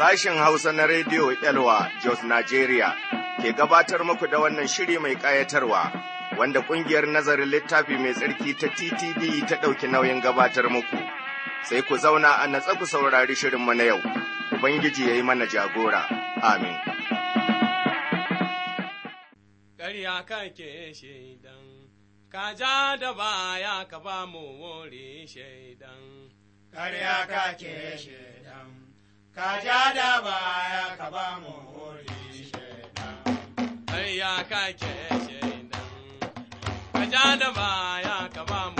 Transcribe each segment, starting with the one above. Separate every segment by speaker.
Speaker 1: Sashen Hausa na Rediyo Elwa Jos Nigeria ke gabatar muku da wannan shiri mai ƙayatarwa wanda ƙungiyar nazarin littafi mai tsarki ta TTD ta ɗauki nauyin gabatar muku. Sai ku zauna a natsa ku saurari shirinmu na yau, Ubangiji ya yi mana jagora. Amin.
Speaker 2: Ƙarya kake shaidan, ka ja da baya ka ba mu wuri shaidan.
Speaker 1: Ƙarya kake
Speaker 2: shaidan. ka ja da baya ka ba mu wuri shaidan. Ai
Speaker 1: baya ka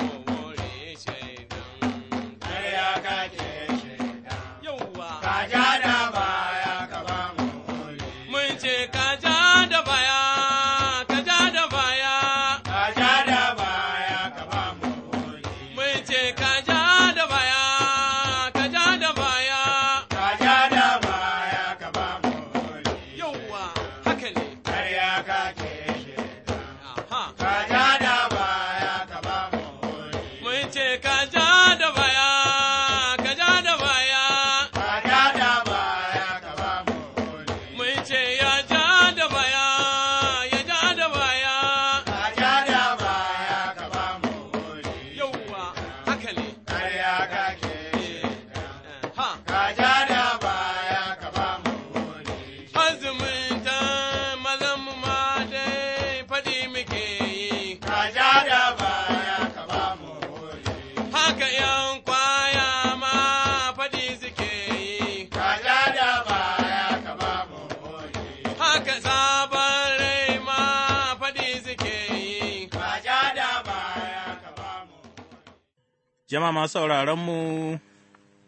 Speaker 2: Jama masu sauraronmu,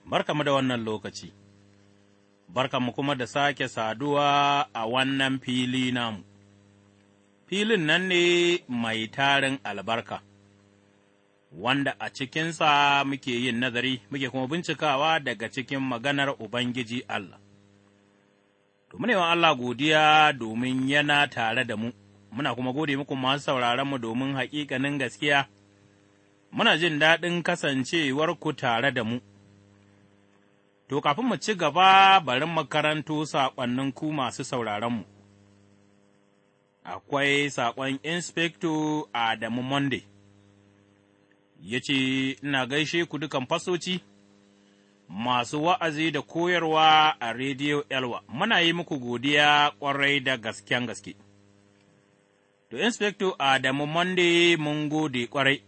Speaker 2: barkamu da wannan lokaci, barkamu kuma da sake saduwa a wannan fili namu, filin nan ne mai tarin albarka, wanda a cikinsa muke yin nazari, muke kuma bincikawa daga cikin maganar Ubangiji Allah. Domin yawan Allah godiya domin yana tare da mu, muna kuma gode muku masu sauraronmu domin haƙiƙanin gaskiya. muna jin daɗin kasancewarku tare da mu. To, kafin mu ci gaba barin makarantu saƙonnin ku masu sauraronmu. Akwai saƙon Inspecto Adamu Monday, ya ce, Ina gaishe ku dukan fasoci, masu wa'azi da koyarwa a Rediyo Elwa, muna yi muku godiya ƙwarai da gasken gaske. To, Inspecto Adamu Monday mun gode ƙwarai.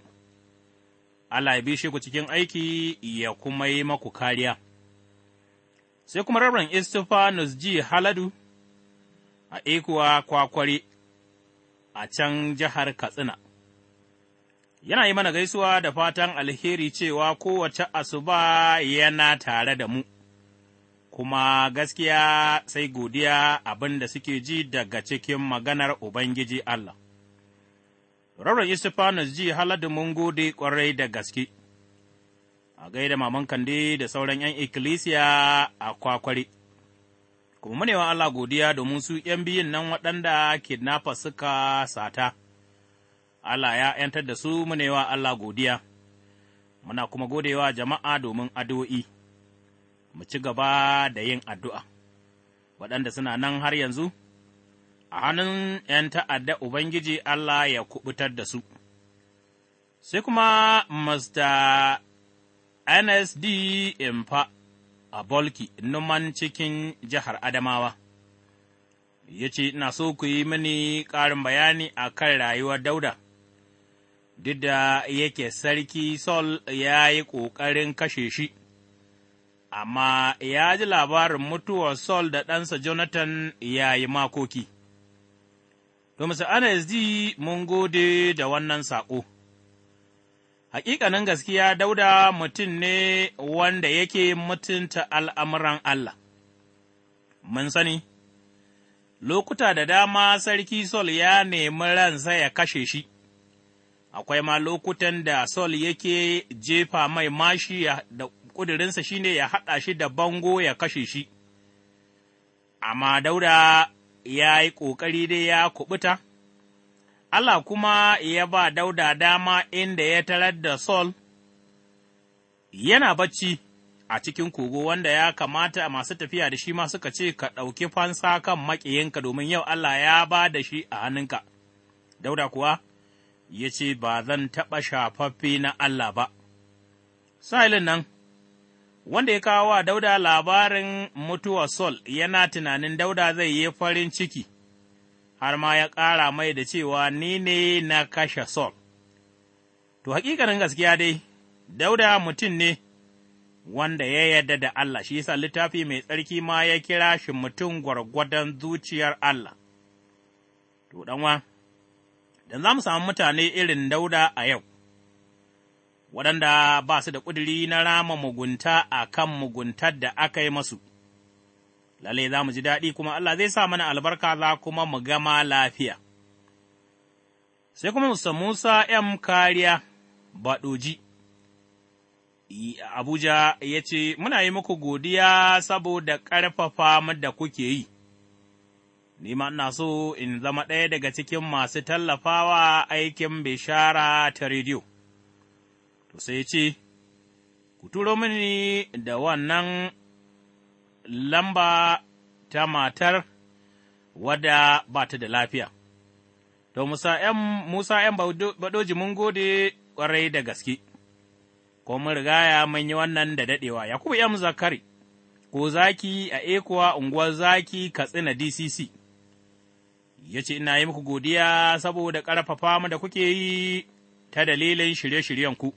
Speaker 2: Allah ya bishe ku cikin aiki ya kuma yi maku kariya. Sai kuma rabin Istifanus ji Haladu a ikuwa kwakwari a can jihar Katsina. Yana yi mana gaisuwa da fatan alheri cewa kowace asuba yana tare da mu, kuma gaskiya sai godiya abin da suke ji daga cikin maganar Ubangiji Allah. isu Istifanus ji haladu mun gode ƙwarai da gaske, a gaida maman kande da sauran ’yan ikkilisiya a kwakwari. Kuma wa Allah godiya domin su ’yan biyun nan waɗanda kinnafa suka sata, Allah ya ’yantar da su wa Allah godiya, muna kuma godewa jama'a domin addu'o'i, mu ci gaba da yin addu'a, waɗanda suna nan har yanzu. a hannun ’yan ta'adda Ubangiji Allah ya kubutar da su. Sai kuma Mr. NSD Imfa a Bolki, numan cikin jihar Adamawa, ya ce, Ina so ku yi mini ƙarin bayani a kan rayuwar Dauda, duk da yake sarki Sol ya yi ƙoƙarin kashe shi. amma ya ji labarin mutuwar Sol da ɗansa Jonathan ya yi makoki. To su ana yanzu mun gode da wannan saƙo. Hakikanin gaskiya dauda mutum ne wanda yake mutunta al'amuran Allah, mun sani, lokuta da dama sarki Sol ya nemi ransa ya kashe shi, akwai ma lokutan da Sol yake jefa mai mashi da ƙudurinsa ne ya haɗa shi da bango ya kashe shi, amma dauda ya yi ƙoƙari dai ya kuɓuta, Allah kuma ya ba dauda dama inda ya tarar da Sol yana bacci a cikin kogo wanda ya kamata masu tafiya da shi ma suka ce ka ɗauki fansa kan maƙiyinka domin yau Allah ya ba da shi a hannunka. Dauda kuwa ya ce ba zan taɓa shafaffe na Allah ba. Sa'ilin nan wanda ya kawo wa Dauda labarin mutuwar Sol yana tunanin Dauda zai yi farin ciki, har ma ya ƙara mai da cewa ni ne na kashe Sol. To, hakikanin gaskiya dai, Dauda mutum ne wanda ya yarda da Allah, shi yasa littafi mai tsarki ma ya kira shi mutum gwargwadon zuciyar Allah. To, ɗanwa, dan za mu samu mutane irin Dauda a yau. waɗanda ba su da ƙudiri na rama mugunta a kan muguntar da aka yi masu. Lallai za mu ji daɗi kuma Allah zai sa mana albarka za kuma mu gama lafiya. Sai kuma Musa Musa ’yan kariya ɗoji, Abuja ya ce, Muna yi muku godiya saboda ƙarfafa da kuke yi, ni ma ina so in zama ɗaya daga cikin masu tallafawa aikin bishara ta rediyo. to sai ce, Ku turo mini da wannan lamba ta matar wadda ba ta da lafiya. To, Musa ’yan baɗoji mun gode ƙwarai da gaske, ko mun rigaya mun yi wannan da daɗewa, Yakubu ’yan zakari, ko zaki a ekuwa unguwar zaki katsina DCC. Ya ce, Ina yi muku godiya saboda ƙarfafa mu da kuke yi ta dalilin shirye-shiryenku,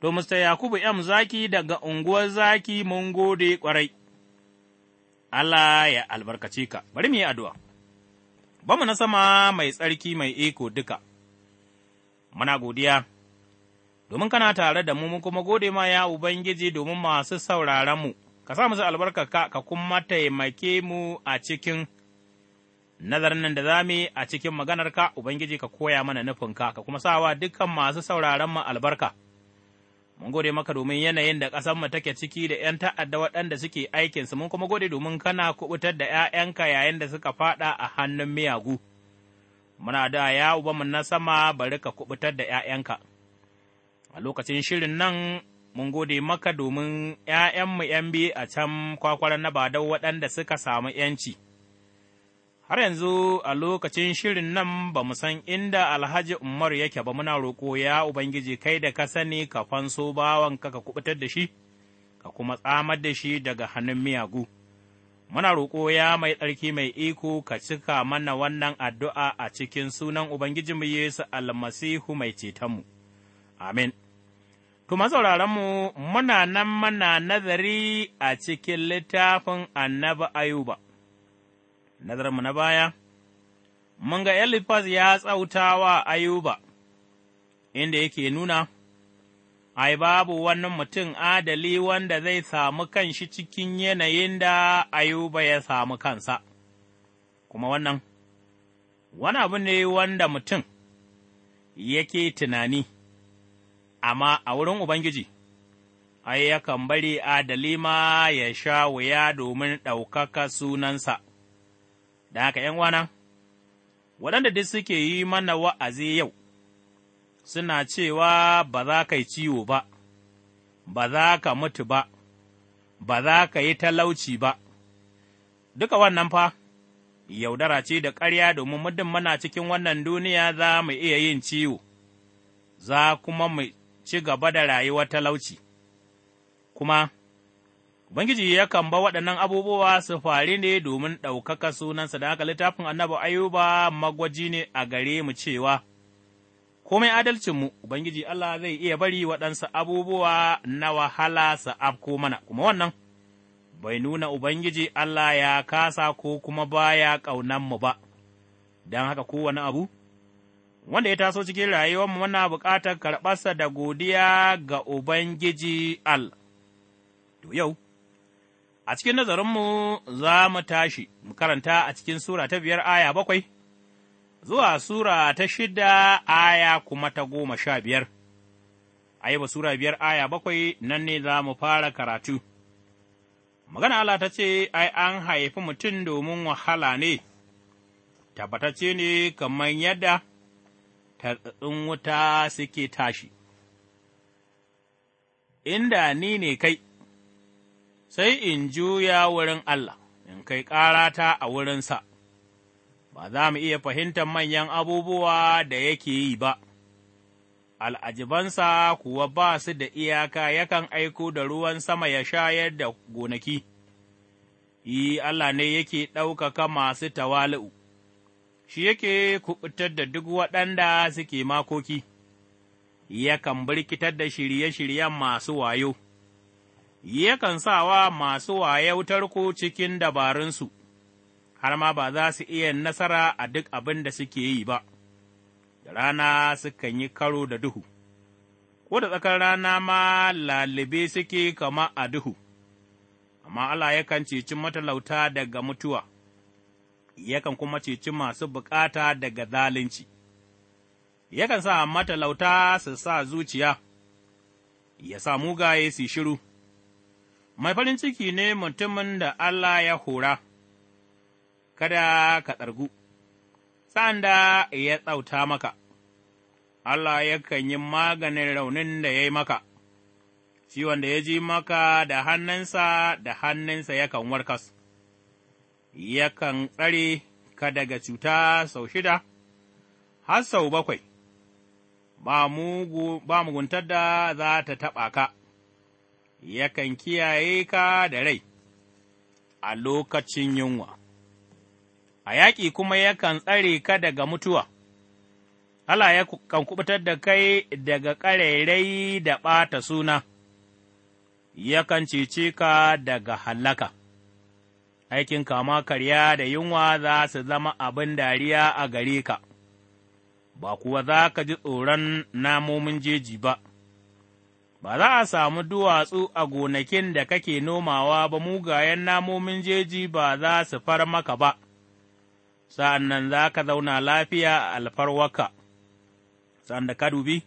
Speaker 2: to Mr. Yakubu M. Zaki daga unguwar Zaki mun gode ƙwarai. Allah ya albarkace ka, bari mu yi addu'a. Bamu na sama mai tsarki mai iko duka, muna godiya, domin kana tare da mu mun kuma gode ma ya Ubangiji domin masu mu, ka sa musu albarka ka kuma taimake mu a cikin nazarin nan da za mu yi a cikin maganarka, Ubangiji ka koya mana nufinka, ka kuma sawa dukan masu mu albarka. Mun gode maka domin yanayin da ƙasarmu take ciki da ’yan ta'adda waɗanda suke aikinsu, mun kuma gode domin kana kubutar da ’ya'yanka yayin da suka faɗa a hannun miyagu. Muna da ya mun na sama bari ka kuɓutar da ’ya'yanka. A lokacin shirin nan mun gode maka domin ’ya'yanmu ’yan biyu a can kwakwaran na badau waɗanda suka samu ’yanci. har yanzu a lokacin shirin nan ba mu san inda alhaji Umar yake ba muna roƙo ya Ubangiji kai da ka sani ka fanso bawan ka kubutar da shi, ka kuma tsamar da shi daga hannun miyagu. Muna roƙo ya mai tsarki mai iko ka cika mana wannan addu'a a cikin sunan Ubangijinmu Yesu almasihu mai cetonmu. Amin. Tuma mu muna nan mana nazari a cikin littafin annabi Ayuba. nazarmu na baya, mun ga Elifaz ya tsauta wa Ayuba, inda yake nuna, Ai, babu wannan mutum adali wanda zai samu kan shi cikin yanayin da Ayuba ya samu kansa, kuma wannan, wani abu ne wanda mutum yake tunani, amma a wurin Ubangiji. ai, yakan bari adali ma ya sha wuya domin ɗaukaka sunansa. Da haka ’yan wana, waɗanda duk suke yi mana wa'azi yau, suna cewa ba za ka yi ciwo ba, ba za ka mutu ba, ba za ka yi talauci ba, duka wannan fa, yaudara ce da ƙarya domin muddin mana cikin wannan duniya za mu iya yin ciwo, za kuma mu ci gaba da rayuwar talauci, kuma Ubangiji yakan ba waɗannan abubuwa su fari ne domin ɗaukaka sunansa, da haka littafin annabi Ayuba magwaji ne a gare mu cewa, Komai adalcinmu, Ubangiji Allah zai iya bari waɗansa abubuwa na wahala su afko mana, kuma wannan bai nuna Ubangiji Allah ya kasa ko kuma baya mu ba, don haka kowane abu, wanda ya taso cikin rayuwarmu muna buƙatar karɓarsa da godiya ga Ubangiji Allah. To yau, A cikin nazarinmu za mu tashi, mu karanta a cikin Sura ta biyar aya bakwai, zuwa Sura ta shida aya kuma ta goma sha biyar. ba Sura biyar aya bakwai nan ne za mu fara karatu. Magana Allah ta ce, Ai, an haifi mutum domin wahala ne, tabbatacce ne kamar yadda tartsatsin wuta suke tashi. Inda ni ne kai. sai in juya wurin Allah, in kai ƙarata a wurinsa, ba za mu iya fahimtar manyan abubuwa da yake yi ba, al'ajibansa kuwa ba su da iyaka yakan aiko da ruwan sama ya shayar da gonaki, yi Allah ne yake ɗaukaka masu tawali'u, shi yake kuɓutar da duk waɗanda suke makoki, yakan birkitar da shirye-shiryen masu wayo. yakan sawa masu wayautar ku cikin dabarunsu, har ma ba za su iya nasara a duk abin da suke yi ba, da rana sukan yi karo da duhu, ko da tsakar rana ma lalube suke kama a duhu, amma Allah yakan ceci matalauta daga mutuwa, yakan kuma ceci masu bukata daga zalunci. Yakan sa matalauta su sa zuciya, ya sa mugaye su shiru. mai farin ciki ne mutumin da Allah ya hora, kada ka tsargu, sa'an da ya tsauta maka, Allah yakan yi maganin raunin da ya yi maka, ciwon da ya ji maka da hannunsa da hannunsa yakan warkas, yakan tsare ka daga cuta sau shida, har sau bakwai, ba muguntar da za ta taɓa ka. yakan kiyaye ka da rai a lokacin yunwa, a yaƙi kuma yakan tsare ka daga mutuwa, Allah ya kan kubutar da kai daga ƙarairai da ɓata suna, yakan cece ka daga hallaka. Aikin kama karya da yunwa za su zama abin dariya a gare ka, ba kuwa za ka ji tsoron namomin jeji ba. ba za a samu duwatsu a gonakin da kake nomawa ba mugayen namomin jeji ba za su far maka ba, sa'an nan za ka zauna lafiya a alfarwaka, sa'an da ka dubi,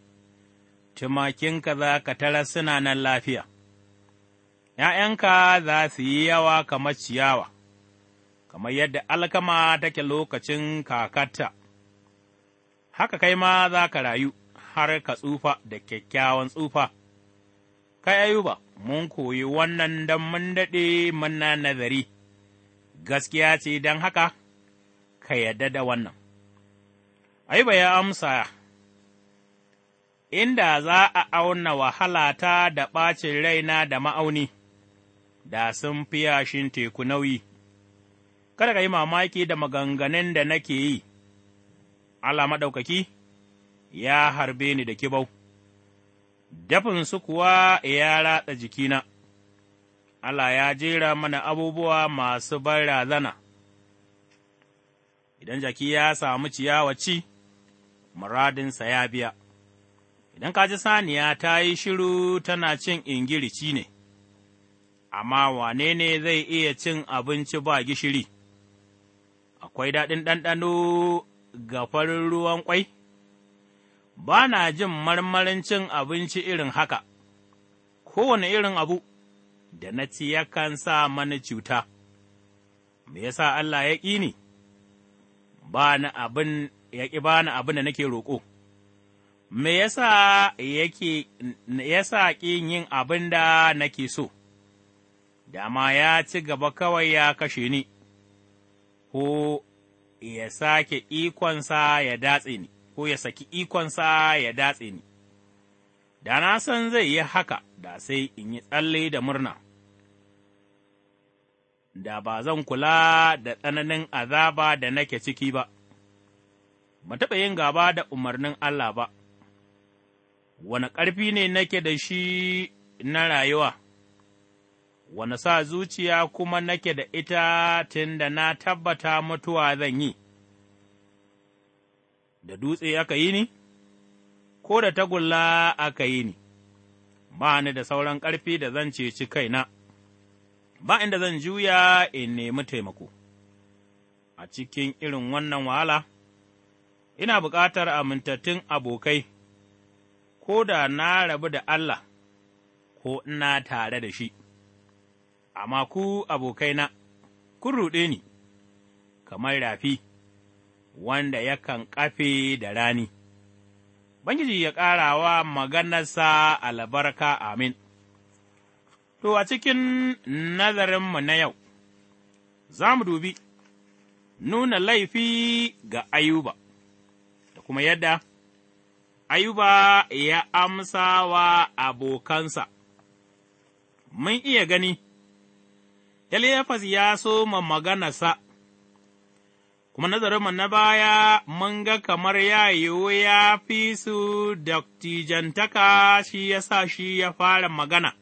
Speaker 2: tumakinka za ka tara suna nan lafiya, ’ya'yanka za su yi yawa kamar ciyawa, kamar yadda alkama take lokacin kakarta, haka kai ma za ka rayu har ka tsufa da kyakkyawan tsufa. kai ayuba, mun koyi wannan don mun daɗe muna nazari, gaskiya ce don haka, ka yadda da wannan. Ayuba ya amsa, inda za a auna wahalata da ɓacin raina da ma'auni, da sun fi yashin teku nauyi, kada ka yi mamaki da maganganun da nake yi, Allah maɗaukaki ya harbe ni da kibau. dafinsu kuwa ya ratsa jikina. Allah ya jera mana abubuwa masu barazana, idan jaki ya samu ciyawa ci, muradinsa ya biya, idan ka ji saniya ta yi shiru tana cin ingirici ne, amma wane ne zai iya cin abinci ba gishiri, akwai daɗin ɗanɗano ga farin ruwan ƙwai? ba na jin marmarin cin abinci irin haka, kowane irin abu da na ci yakan sa mani cuta, me yasa Allah ya ƙi ni, ba na abin ya ƙi ba na abin da nake roƙo, me yasa yake yasa ƙin yin abin da nake so, dama ya ci gaba kawai ya kashe ni, ko ya sake ikonsa ya datse ni. ko ya saki ikonsa ya datse ni. Da na san zai yi haka, da sai in yi tsalle da murna, da ba zan kula da tsananin azaba da nake ciki ba, ba taɓa yin gaba da umarnin Allah ba, wane ƙarfi ne nake da shi na rayuwa, wane sa zuciya kuma nake da ita tun da na tabbata mutuwa zan yi. da dutse aka yi ni, ko da tagulla aka yi ni, ba ni da sauran ƙarfi da zan ceci kaina, ba inda zan juya in nemi taimako. A cikin irin wannan wahala, ina bukatar amintattun abokai, ko da na rabu da Allah, ko ina tare da shi, amma ku abokaina, kun ruɗe ni, kamar rafi. wanda yakan ƙafe da rani. Bangiji ya ƙara wa maganarsa albarka amin. To, a cikin nazarinmu na yau, za mu dubi nuna laifi ga Ayuba, da kuma yadda Ayuba ya amsa wa abokansa, mun iya gani, Eliyafas ya soma maganarsa kuma nazarinmu na baya mun ga kamar ya yiwu ya fi su daktijantaka shi ya sa shi ya fara magana,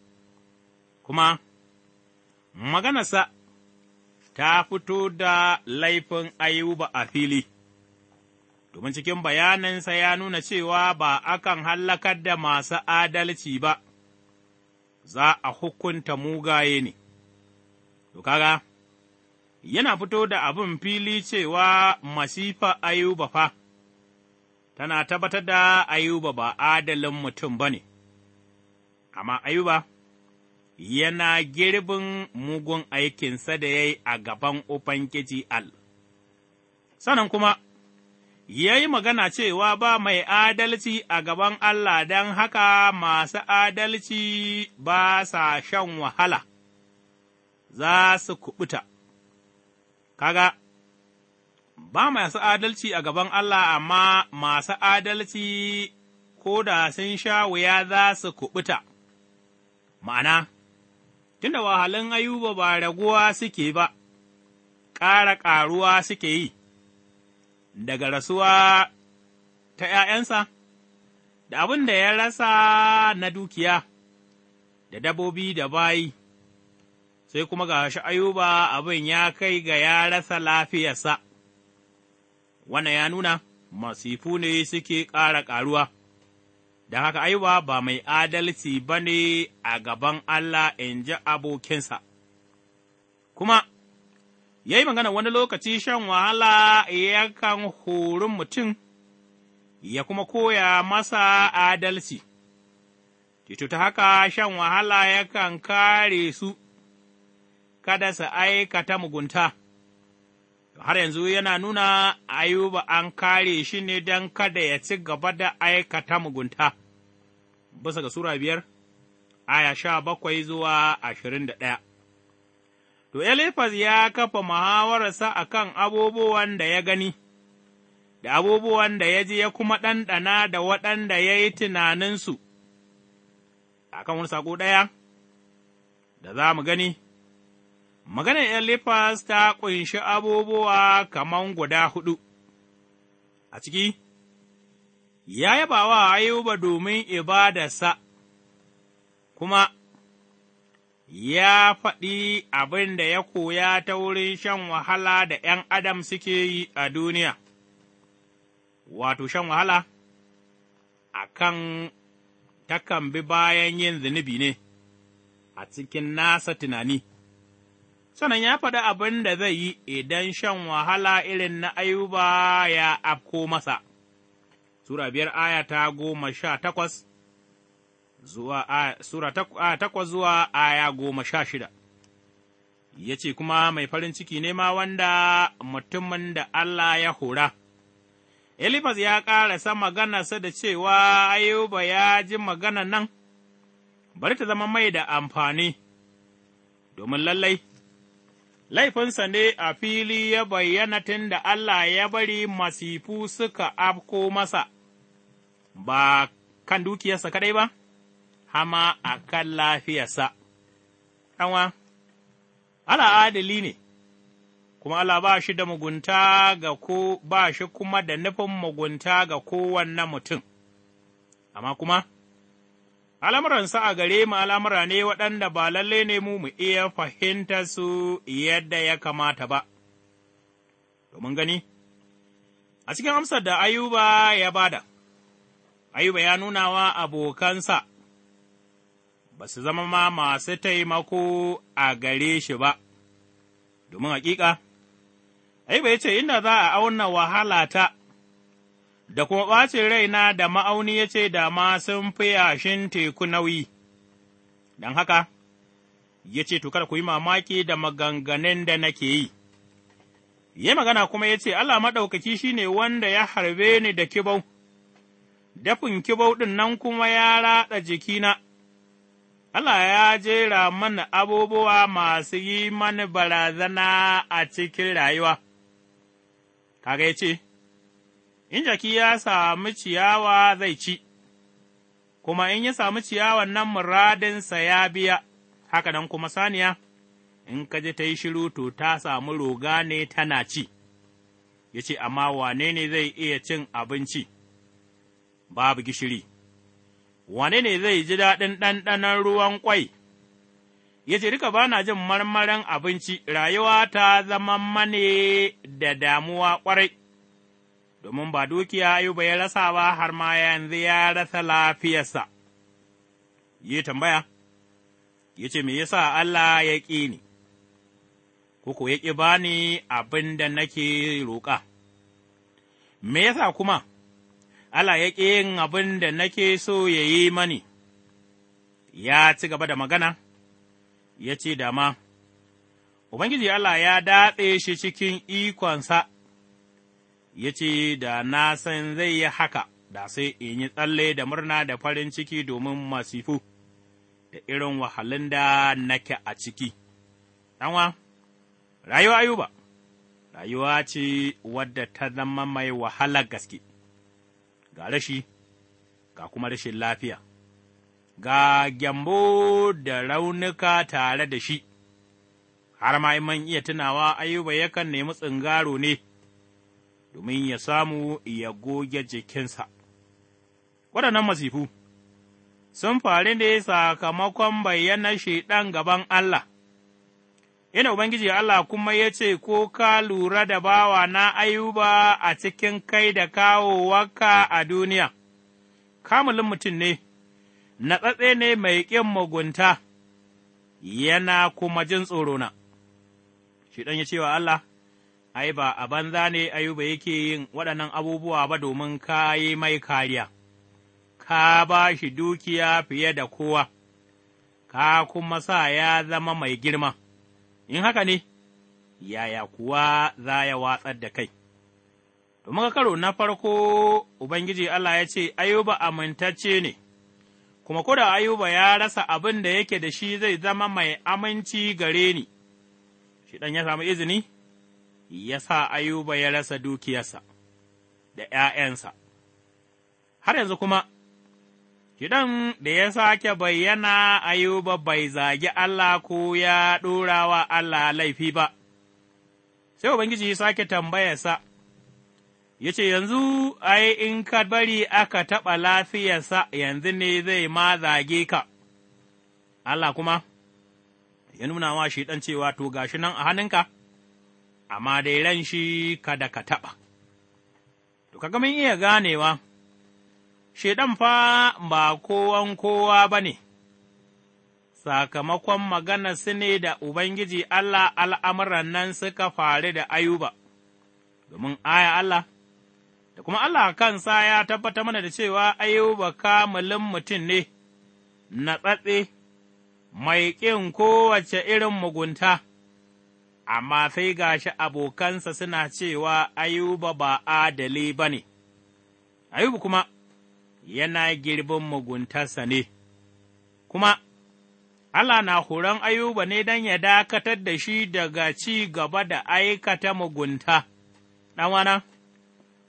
Speaker 2: kuma maganarsa ta fito da laifin ayuba a fili. Domin cikin bayaninsa ya nuna cewa ba akan hallakar da masu adalci ba, za a hukunta mugaye ne, to kaga. yana fito da abin fili cewa masifa Ayuba fa, tana tabbatar da Ayuba ba adalin mutum ba ne, amma Ayuba yana girbin mugun aikinsa da ya yi a gaban Ubangiji Al. Sannan kuma, ya yi magana cewa ba mai adalci a gaban Allah don haka masu adalci ba sa shan wahala, za su kuɓuta. kaga ba masu adalci a gaban Allah, amma masu adalci ko da sun sha wuya za su kuɓuta, ma'ana, tunda wahalin ayuba ba raguwa suke ba, ƙara ƙaruwa suke yi, daga rasuwa ta ’ya'yansa, da abin da ya rasa na dukiya, da dabobi da bayi. sai kuma ga shi ayuba abin ya kai ga ya rasa lafiyarsa, wannan ya nuna masifu ne suke ƙara ƙaruwa, da haka ayuba ba mai adalci ba ne a gaban Allah in ji abokinsa, kuma ya yi magana wani lokaci shan wahala yakan horin mutum ya kuma koya masa adalci. Tito ta haka shan wahala yakan kare su kada su aikata mugunta. Har yanzu yana nuna Ayuba an kare shi ne don kada ya ci gaba da aikata mugunta, bisa ga Sura biyar, aya sha bakwai zuwa ashirin da ɗaya. To, Elifaz ya kafa muhawararsa a kan abubuwan da ya gani, da abubuwan da ya ji ya kuma ɗanɗana da waɗanda ya yi tunaninsu, a kan wani saƙo ɗaya da za mu gani. Maganar Elifas ta ƙunshi abubuwa kaman guda huɗu, a ciki, ya yaba wa Ayuba domin ibadarsa, kuma ya faɗi abin da ya koya ta wurin shan wahala da ’yan adam suke yi a duniya, wato shan wahala a kan takan bi bayan yin zunubi ne a cikin nasa tunani. sannan ya faɗi abin da zai yi idan shan wahala irin na ayuba ya afko masa. Sura biyar aya ta goma sha takwas zuwa Sura takwas zuwa aya goma sha shida. Ya ce kuma mai farin ciki ne ma wanda mutumin da Allah ya hora. Elifas ya ƙara sa magana sa da cewa Ayuba ya ji magana nan, bari ta zama mai da amfani, domin lallai laifinsa ne a fili ya bayyana tun da Allah ya bari masifu suka afko masa, ba kan dukiyarsa kaɗai ba, hama a kan lafiyarsa. Ɗanwa, Allah adali ne, kuma Allah ba shi da mugunta ga ko ba shi kuma da nufin mugunta ga kowanne mutum, amma kuma al'amuransa a gare mu al'amura ne waɗanda ba lalle ne mu mu iya fahimta su yadda ya kamata ba. Domin gani, a cikin amsar da Ayuba ya bada, Ayuba ya nuna wa abokansa ba su zama ma masu taimako a gare shi ba, domin hakika, Ayuba ya ce, Inda za a auna wahalata da kuma ɓacin raina da ma'auni ya ce da ma sun fi yashin teku nauyi, don haka ya ce, kada ku yi mamaki da maganganun da nake yi. Ya magana kuma ya ce, Allah maɗaukaki shi ne wanda ya harbe ni da kibau, dafin kibau ɗin nan kuma ya raɗa jikina, Allah ya jera mana abubuwa masu yi mani barazana a cikin rayuwa. Kaga ya ce, in jaki ya sami ciyawa zai ci, kuma in ya sami ciyawan nan muradinsa ya biya, haka nan kuma saniya, in ka ji ta yi shiru to ta samu roga ne tana ci, ya ce, amma wane ne zai iya cin abinci, babu gishiri, wane ne zai ji daɗin ɗanɗanon ruwan kwai? ya ce, Rika ba na jin marmarin abinci, rayuwa ta zama mane da damuwa ƙwarai, domin ba dukiya Ayuba ya rasa ba har ma yanzu ya rasa lafiyarsa. Yi tambaya, ya ce, Me yasa Allah ya ƙi ni, ko ya ƙi ba ni abin da nake roƙa, me yasa kuma Allah ya ƙi yin abin da nake so ya yi mani, ya ci gaba da magana, ya ce, Dama, Ubangiji Allah ya datse shi cikin ikonsa. ya ce, Da na san zai yi haka, da sai in yi tsalle da murna da farin ciki domin masifu, da irin wahalin da nake a ciki. Ɗanwa, rayuwa ayuba, rayuwa ce wadda ta zama mai wahalar gaske, ga rashi, ga kuma rashin lafiya, ga gyambo da raunuka tare da shi, har ma in iya tunawa ayuba yakan nemi tsingaro ne. domin ya samu ya goge jikinsa. Waɗannan masifu sun faru ne sakamakon bayyanar shaiɗan gaban Allah, ina Ubangiji Allah kuma ya ce, Ko ka lura da bawa na ayuba a cikin kai da kawowarka a duniya, kamulin mutum ne, natsatse ne mai ƙin mugunta, yana kuma jin tsorona. Shiɗan ya ce wa Allah, ai, ba a banza ne Ayuba yake yin waɗannan abubuwa ba domin ka yi mai kariya, ka ba shi dukiya fiye da kowa, ka kuma sa ya zama mai girma, in haka ne, yaya kuwa za ya watsar da kai. Domin karo na farko Ubangiji Allah ya ce, Ayuba amintacce ne, kuma ko da Ayuba ya rasa abin da yake da shi zai zama mai aminci gare ni, shi ɗan ya samu izini? ya sa Ayuba ya rasa dukiyarsa da ’ya'yansa, har yanzu kuma, kiɗan da ya sake bayyana Ayuba bai zagi Allah ko ya ɗora wa Allah laifi ba, sai Ubangiji ya sake tambayarsa, ya ce, Yanzu, ai, in ka bari aka taɓa lafiyarsa, yanzu ne zai ma zage ka, Allah kuma, ya nuna wa shi ɗan cewa, To, gashi nan a hannunka?’ amma dai ran shi kada ka taɓa. To, kaga mun iya ganewa, Shaiɗan fa ba kowan kowa ba ne, sakamakon magana su ne da Ubangiji Allah al'amuran nan suka faru da ayuba, domin aya Allah, da kuma Allah kansa ya tabbata mana da cewa ayuba kamulin mutum ne, natsatse, mai ƙin kowace irin mugunta. amma sai ga shi abokansa suna cewa Ayuba ba adali ba ne, Ayuba kuma yana girbin muguntarsa ne, kuma Allah na horon Ayuba ne don ya dakatar da shi daga ci gaba da aikata mugunta, ɗanwana,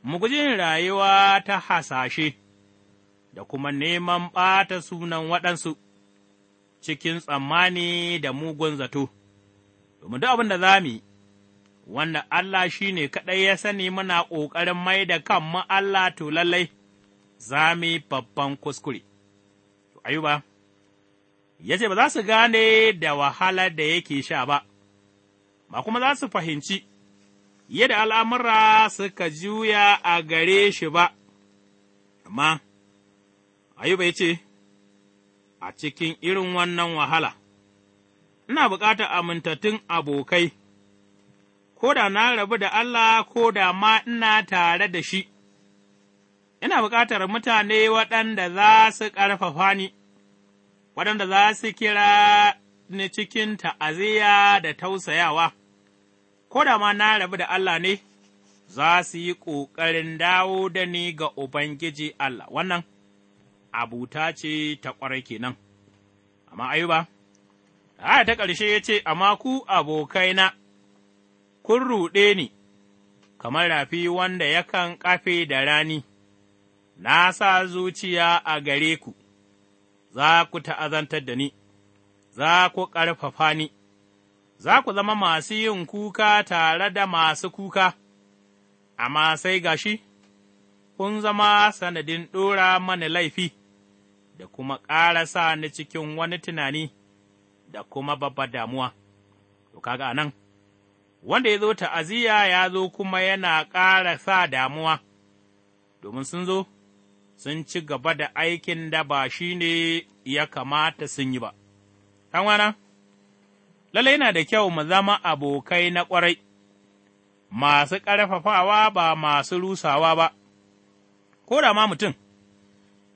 Speaker 2: mu rayuwa ta hasashe da kuma neman ɓata sunan waɗansu cikin tsammani da mugun zato. domin duk abin da za mu yi, wanda Allah shi ne kaɗai ya sani muna ƙoƙarin mai da kanmu Allah to lallai za mu yi babban kuskure. To, ayuba, ya ce ba za su gane da wahala da yake sha ba, ba kuma za su fahimci yadda al'amura suka juya a gare shi ba, amma ayuba ya ce, a cikin irin wannan wahala. ina bukatar amintattun abokai, ko da na rabu da Allah ko da ma ina tare da shi, ina bukatar mutane waɗanda za su ƙarfafa ni, waɗanda za su kira ni cikin ta'aziyya da tausayawa, ko da ma na rabu da Allah ne, za su yi ƙoƙarin dawo da ni ga Ubangiji Allah, wannan abuta ce ta ƙwarai kenan, amma ayuba. Aya ta ƙarshe ya ce, Amma ku abokaina, kun ruɗe ni, kamar rafi wanda yakan ƙafe da rani, na sa zuciya a gare ku, za ku ta'azantar da ni, za ku ƙarfafa ni, za ku zama masu yin kuka tare da masu kuka, amma sai gashi, kun zama sanadin ɗora mana laifi, da kuma ƙara sa ni cikin wani tunani. da kuma babbar damuwa, to kaga anan, wanda ya zo ta'aziyya ya zo kuma yana ƙara sa damuwa, domin sun zo, sun ci gaba da aikin da ba shi ne ya kamata sun yi ba. wana, lallai yana da kyau mu zama abokai na ƙwarai, masu ƙarfafawa ba masu rusawa ba, ko da ma mutum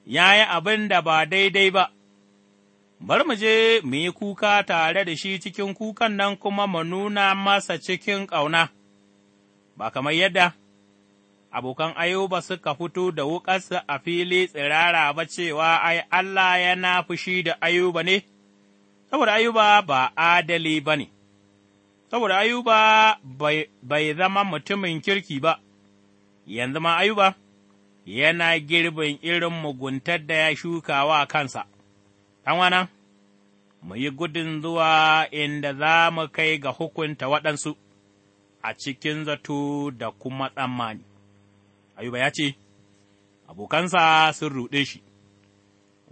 Speaker 2: ya yi abin da ba daidai ba. bar mu je mu yi kuka tare da shi cikin kukan nan kuma mu nuna masa cikin ƙauna, ba kamar yadda abokan ayuba suka fito da wuƙarsu a fili tsirara ba cewa ai Allah yana fushi da ayuba ne, saboda ayuba ba adali ba ne, saboda ayuba bai zama mutumin kirki ba, yanzu ma ayuba yana girbin irin muguntar da ya shuka wa kansa. ɗanwana, mu yi gudun zuwa inda za mu kai ga hukunta waɗansu a cikin zato da kuma tsammani. Ayuba ya ce, Abokansa sun ruɗe shi,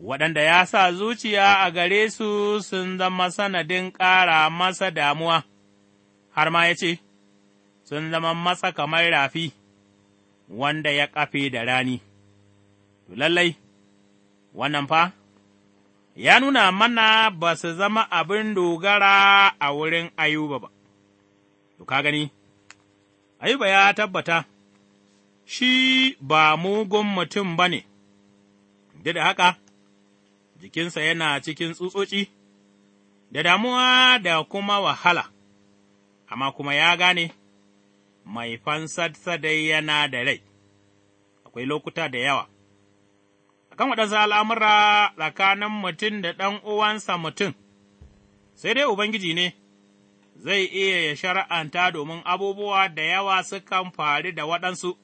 Speaker 2: waɗanda ya sa zuciya a gare su sun zama sanadin ƙara masa damuwa, har ma ya ce, Sun zama masa kamar rafi, wanda ya ƙafe da rani. To lallai, wannan fa, ya nuna mana ba su zama abin dogara a wurin Ayuba ba, to ka gani, Ayuba ya tabbata, shi ba mugun mutum ba ne, da haka, jikinsa yana cikin tsutsotsi, da damuwa da kuma wahala, amma kuma ya gane, mai fansa dai yana da rai, akwai lokuta da yawa. kan waɗansu al'amura tsakanin mutum da ɗan uwansa mutum, sai dai Ubangiji ne zai iya ya shara'anta domin abubuwa da yawa sukan faru da waɗansu,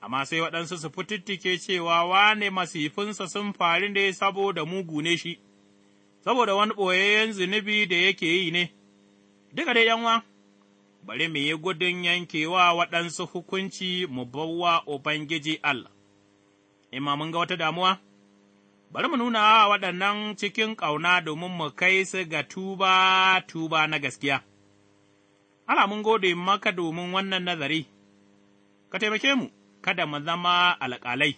Speaker 2: amma sai waɗansu su fitittike cewa wane masifinsa sun faru ne saboda mugu ne shi, saboda wani ɓoyayyen zunubi da yake yi ne, duka dai yanwa. Bari mu yi gudun yankewa waɗansu hukunci mu bawa Ubangiji Allah. in mun ga wata damuwa? Bari mu nuna wa waɗannan cikin ƙauna domin mu kai su ga tuba tuba na gaskiya. Allah mun gode maka domin wannan nazari, ka taimake mu, kada mu zama alƙalai,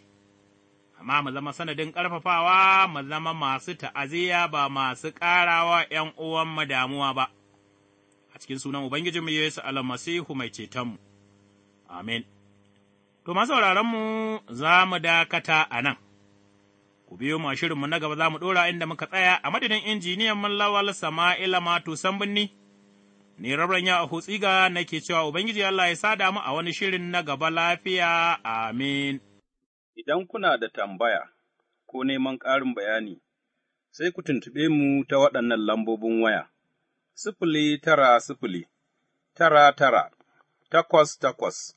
Speaker 2: amma mu zama sanadin ƙarfafawa, mu zama masu ta'aziyya ba masu ƙarawa ’yan uwanmu damuwa ba, a cikin sunan Ubangijinmu Yesu Almasihu mai cetonmu. Amin. To, mu za mu dakata a nan, ku biyo mu shirinmu na gaba za mu ɗora inda muka tsaya a madadin injiniyan Mallawal Sama'ila Mato Sambunni, ne rabran ya na nake cewa Ubangiji Allah ya sada mu a wani shirin na gaba lafiya, amin. Idan kuna da tambaya ko neman ƙarin bayani, sai ku tuntuɓe mu ta waɗannan lambobin waya, sifili tara sifili, tara tara, takwas takwas.